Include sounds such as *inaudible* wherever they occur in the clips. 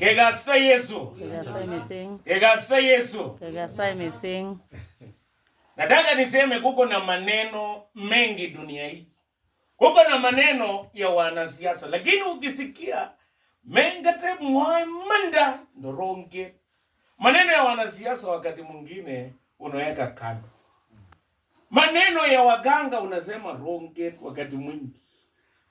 Kegasta Yesu. Kegasta Yesu. *laughs* Nataka niseme kuko na maneno mengi dunia hii. Kuko na maneno ya wanasiasa, lakini ukisikia mengate mwae manda ndoronge. Maneno ya wanasiasa wakati mwingine unaweka kando. Maneno ya waganga unasema ronge wakati mwingi.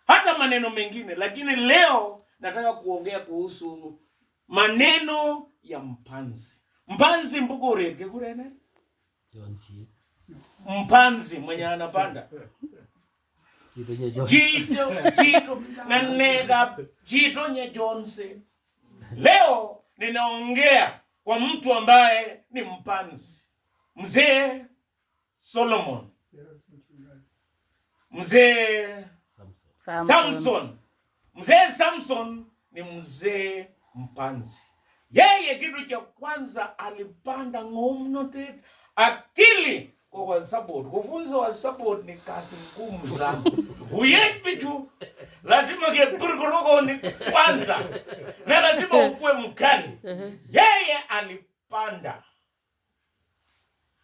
Hata maneno mengine, lakini leo nataka kuongea kuhusu maneno ya mpanzi. Mpanzi mbugo ureke kurene mpanzi mwenye anapanda nanega jito nye Jonsi. Leo ninaongea kwa mtu ambaye ni mpanzi, mzee Solomon, mzee Samson. Mzee Samson ni mzee mpanzi. Yeye kitu cha kwanza alipanda ng'ombe, akili kwa WhatsApp. Kufunza WhatsApp ni kazi ngumu sana. uyepichu tu lazima keburguroko ni kwanza na lazima ukue mkali. Yeye alipanda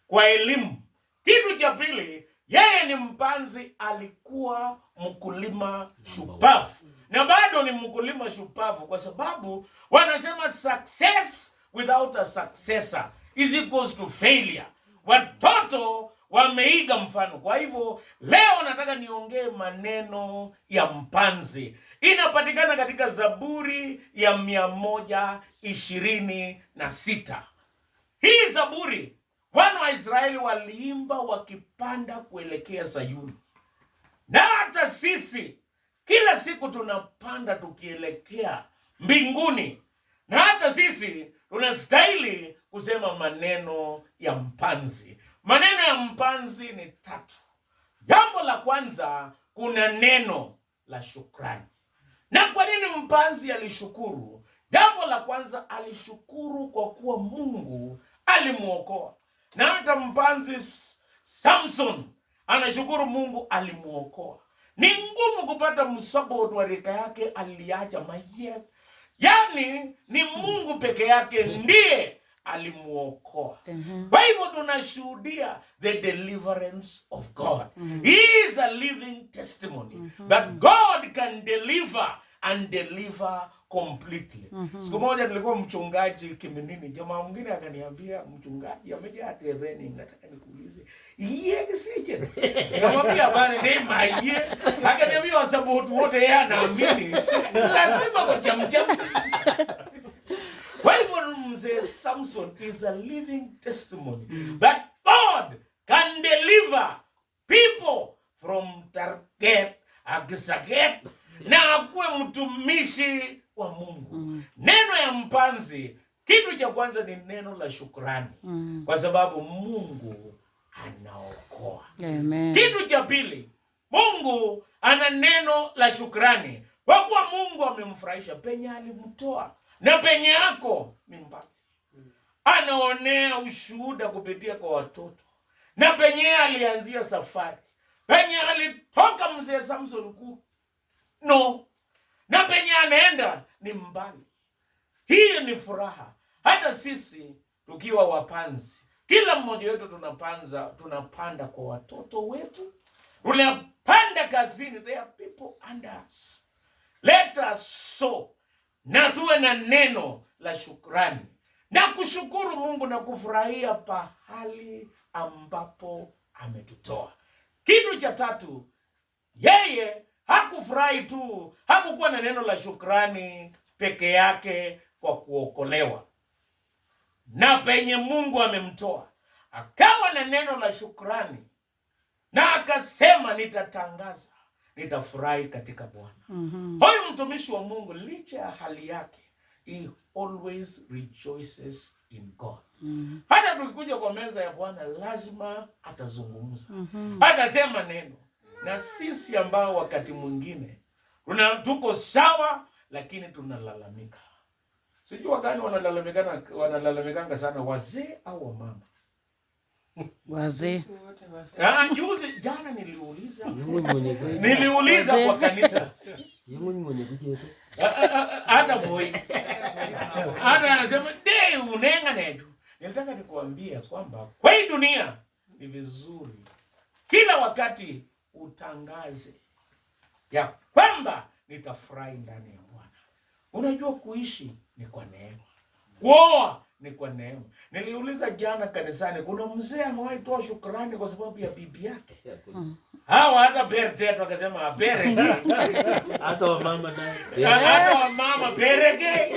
kwa elimu. Kitu cha pili, yeye ni mpanzi, alikuwa mkulima shupavu na bado ni mkulima shupavu, kwa sababu wanasema success without a successor is equals to failure. Watoto wameiga mfano. Kwa hivyo leo nataka niongee maneno ya mpanzi, inapatikana katika Zaburi ya mia moja ishirini na sita. Hii Zaburi wana wa Israeli waliimba wakipanda kuelekea Sayuni, na hata sisi kila siku tunapanda tukielekea mbinguni, na hata sisi tunastahili kusema maneno ya mpanzi. Maneno ya mpanzi ni tatu. Jambo la kwanza, kuna neno la shukrani. Na kwa nini mpanzi alishukuru? Jambo la kwanza, alishukuru kwa kuwa Mungu alimwokoa. Na hata mpanzi Samson anashukuru Mungu alimwokoa. Ni ngumu kupata msapoti wa rika yake, aliacha maisha. yani ni Mungu peke yake ndiye alimuokoa. Mhm. Kwa hivyo tunashuhudia the deliverance of God. Mhm. He is a living testimony mhm. that God can deliver and deliver completely. Mm -hmm. Siku moja nilikuwa mchungaji Kiminini, jamaa mwingine akaniambia, mchungaji amejaa tereni, nataka nikuulize iye kisije. Nikamwambia habari ndema iye, akaniambia kwa sababu wote yeye anaamini lazima kwa jamjam. Kwa hivyo mzee Samson is a living testimony that God can deliver people from target agisaget na akuwe mtumishi wa Mungu. mm. Neno ya mpanzi, kitu cha kwanza ni neno la shukrani. mm. kwa sababu Mungu anaokoa. Amen. Kitu cha pili, Mungu ana neno la shukrani kwa kuwa Mungu amemfurahisha penye alimtoa na penye yako mimba Anaonea ushuhuda kupitia kwa watoto na penye alianzia safari, penye alitoka mzee Samson kuu No, na penye anaenda ni mbali. Hiyo ni furaha. Hata sisi tukiwa wapanzi, kila mmoja wetu tunapanza, tunapanda kwa watoto wetu, tunapanda kazini. There are people under us. Let us sow, na tuwe na neno la shukrani na kushukuru Mungu na kufurahia pahali ambapo ametutoa. Kitu cha tatu, yeye kufurahi tu, hakukuwa na neno la shukrani peke yake kwa kuokolewa na penye Mungu amemtoa, akawa na neno la shukrani na akasema, nitatangaza, nitafurahi katika Bwana. mm -hmm. Huyu mtumishi wa Mungu licha ya hali yake, he always rejoices in God. mm -hmm. Hata tukikuja kwa meza ya Bwana lazima atazungumza, mm -hmm. atasema neno na sisi ambao wakati mwingine tuna tuko sawa, lakini tunalalamika. Sijui wagani wanalalamikana wanalalamikanga sana, wazee au wamama? Wazee. Ah, juzi jana niliuliza niliuliza kwa kanisa ah, ah, ah, hata boy hata anasema de unenga netu. Nilitaka nikuambia kwamba kwa hii dunia ni vizuri kila wakati utangaze ya kwamba nitafurahi ndani ya Bwana. Unajua, kuishi ni kwa neema, kuoa ni kwa neema. Niliuliza jana kanisani, kuna mzee amewahi toa shukrani kwa sababu ya bibi yake. Mm. Hawa hata berte tu akasema *laughs* hata wamama hata wamama bereke.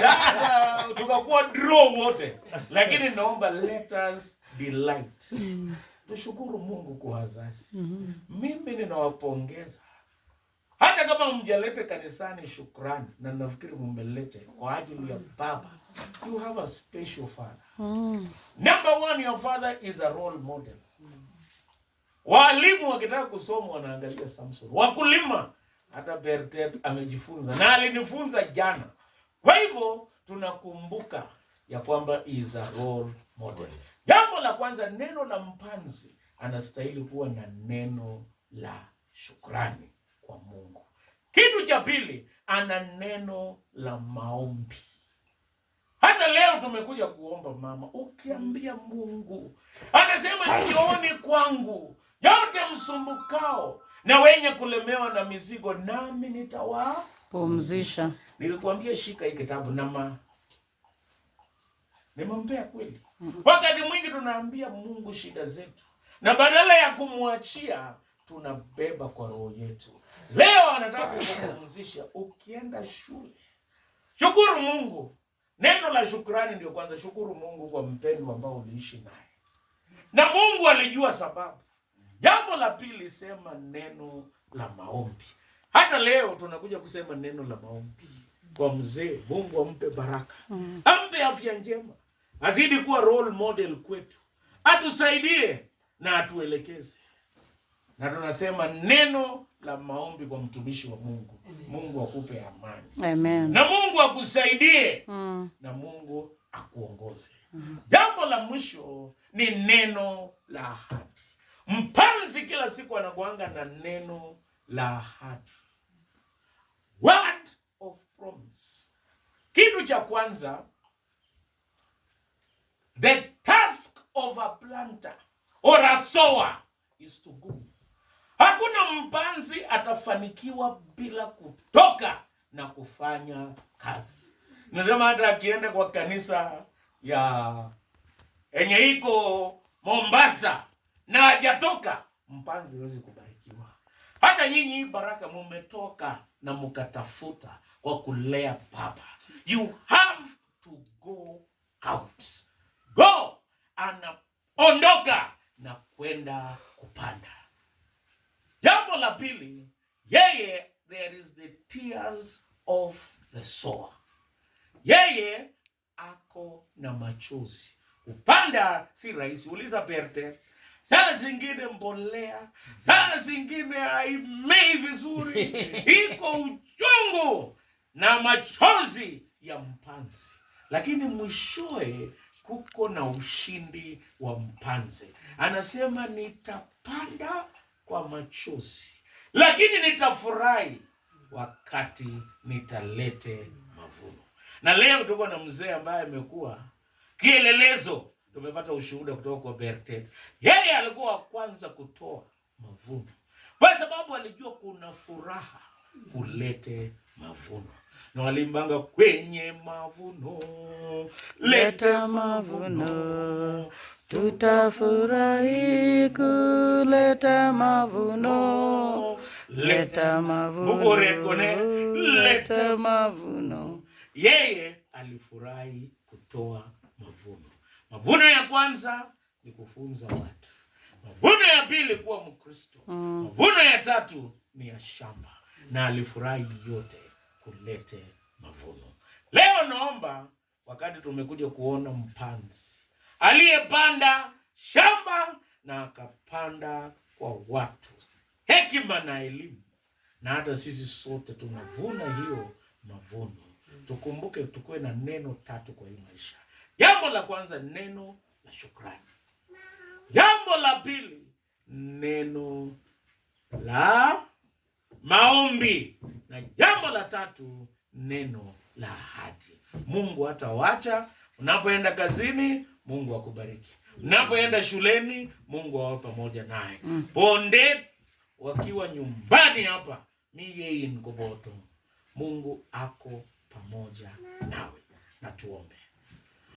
Sasa tukakuwa draw wote, lakini naomba let us delight mm. Tushukuru Mungu kwa wazazi. mm -hmm. Mimi ninawapongeza hata kama mjalete kanisani shukrani, na nafikiri mumelete kwa ajili ya baba. You have a special father. mm. Number one, your father is a role model. mm. Walimu wakitaka kusoma wanaangalia Samson, wakulima hata Bertet amejifunza na alinifunza jana. Kwa hivyo tunakumbuka ya kwamba is a role model la kwanza, neno la mpanzi anastahili kuwa na neno la shukrani kwa Mungu. Kitu cha pili, ana neno la maombi. Hata leo tumekuja kuomba mama, ukiambia Mungu anasema jioni kwangu yote msumbukao na wenye kulemewa na mizigo, nami nitawapumzisha. Nilikuambia shika hii kitabu, na nimempea kweli Mm-hmm. Wakati mwingi tunaambia Mungu shida zetu, na badala ya kumwachia tunabeba kwa roho yetu. Leo anataka kuzungumzisha, ukienda shule, shukuru Mungu. Neno la shukrani ndio kwanza. Shukuru Mungu kwa mpendo ambao uliishi naye, na Mungu alijua sababu. Jambo la pili, sema neno la maombi. Hata leo tunakuja kusema neno la maombi kwa mzee, Mungu ampe baraka, mm. ampe afya njema azidi kuwa role model kwetu, atusaidie na atuelekeze. Na tunasema neno la maombi kwa mtumishi wa Mungu. Mungu akupe amani. Amen. Na Mungu akusaidie. Mm. Na Mungu akuongoze. Mm. Jambo la mwisho ni neno la ahadi. Mpanzi kila siku anakuanga na neno la ahadi. Word of promise. Kitu cha kwanza The task of a planter or a sower is to go. Hakuna mpanzi atafanikiwa bila kutoka na kufanya kazi. Nasema hata akienda kwa kanisa ya enye iko Mombasa na hajatoka mpanzi hawezi kubarikiwa. Hata nyinyi baraka mumetoka na mukatafuta kwa kulea baba. You have to go out ondoka na kwenda kupanda. Jambo la pili, yeye there is the tears of the sower. Yeye ako na machozi. Kupanda si rahisi, uliza Perte. Saa zingine mbolea, saa zingine haimei vizuri, *laughs* iko uchungu na machozi ya mpanzi, lakini mwishoe kuko na ushindi wa mpanze. Anasema nitapanda kwa machozi, lakini nitafurahi wakati nitalete mavuno. Na leo tuko na mzee ambaye amekuwa kielelezo. Tumepata ushuhuda kutoka kwa Bertet. Yeye alikuwa wa kwanza kutoa mavuno, kwa sababu alijua kuna furaha kulete mavuno na walimbanga kwenye mavuno, leta mavuno tutafurahi kuleta mavuno, leta mavuno, leta mavuno. Yeye alifurahi kutoa mavuno. Mavuno ya kwanza ni kufunza watu, mavuno ya pili kuwa Mkristo, mm. mavuno ya tatu ni ya shamba, na alifurahi yote kulete mavuno. Leo naomba wakati tumekuja kuona mpanzi aliyepanda shamba na akapanda kwa watu hekima na elimu, na hata sisi sote tunavuna hiyo mavuno. Tukumbuke tukuwe na neno tatu kwa hii maisha. Jambo la kwanza, neno la shukrani. Jambo la pili, neno la maombi, na jambo la tatu, neno la ahadi. Mungu hatawaacha unapoenda kazini, Mungu akubariki unapoenda shuleni, Mungu awe pamoja naye ponde mm. wakiwa nyumbani hapa miyei nkoboto, Mungu ako pamoja nawe. Na tuombe.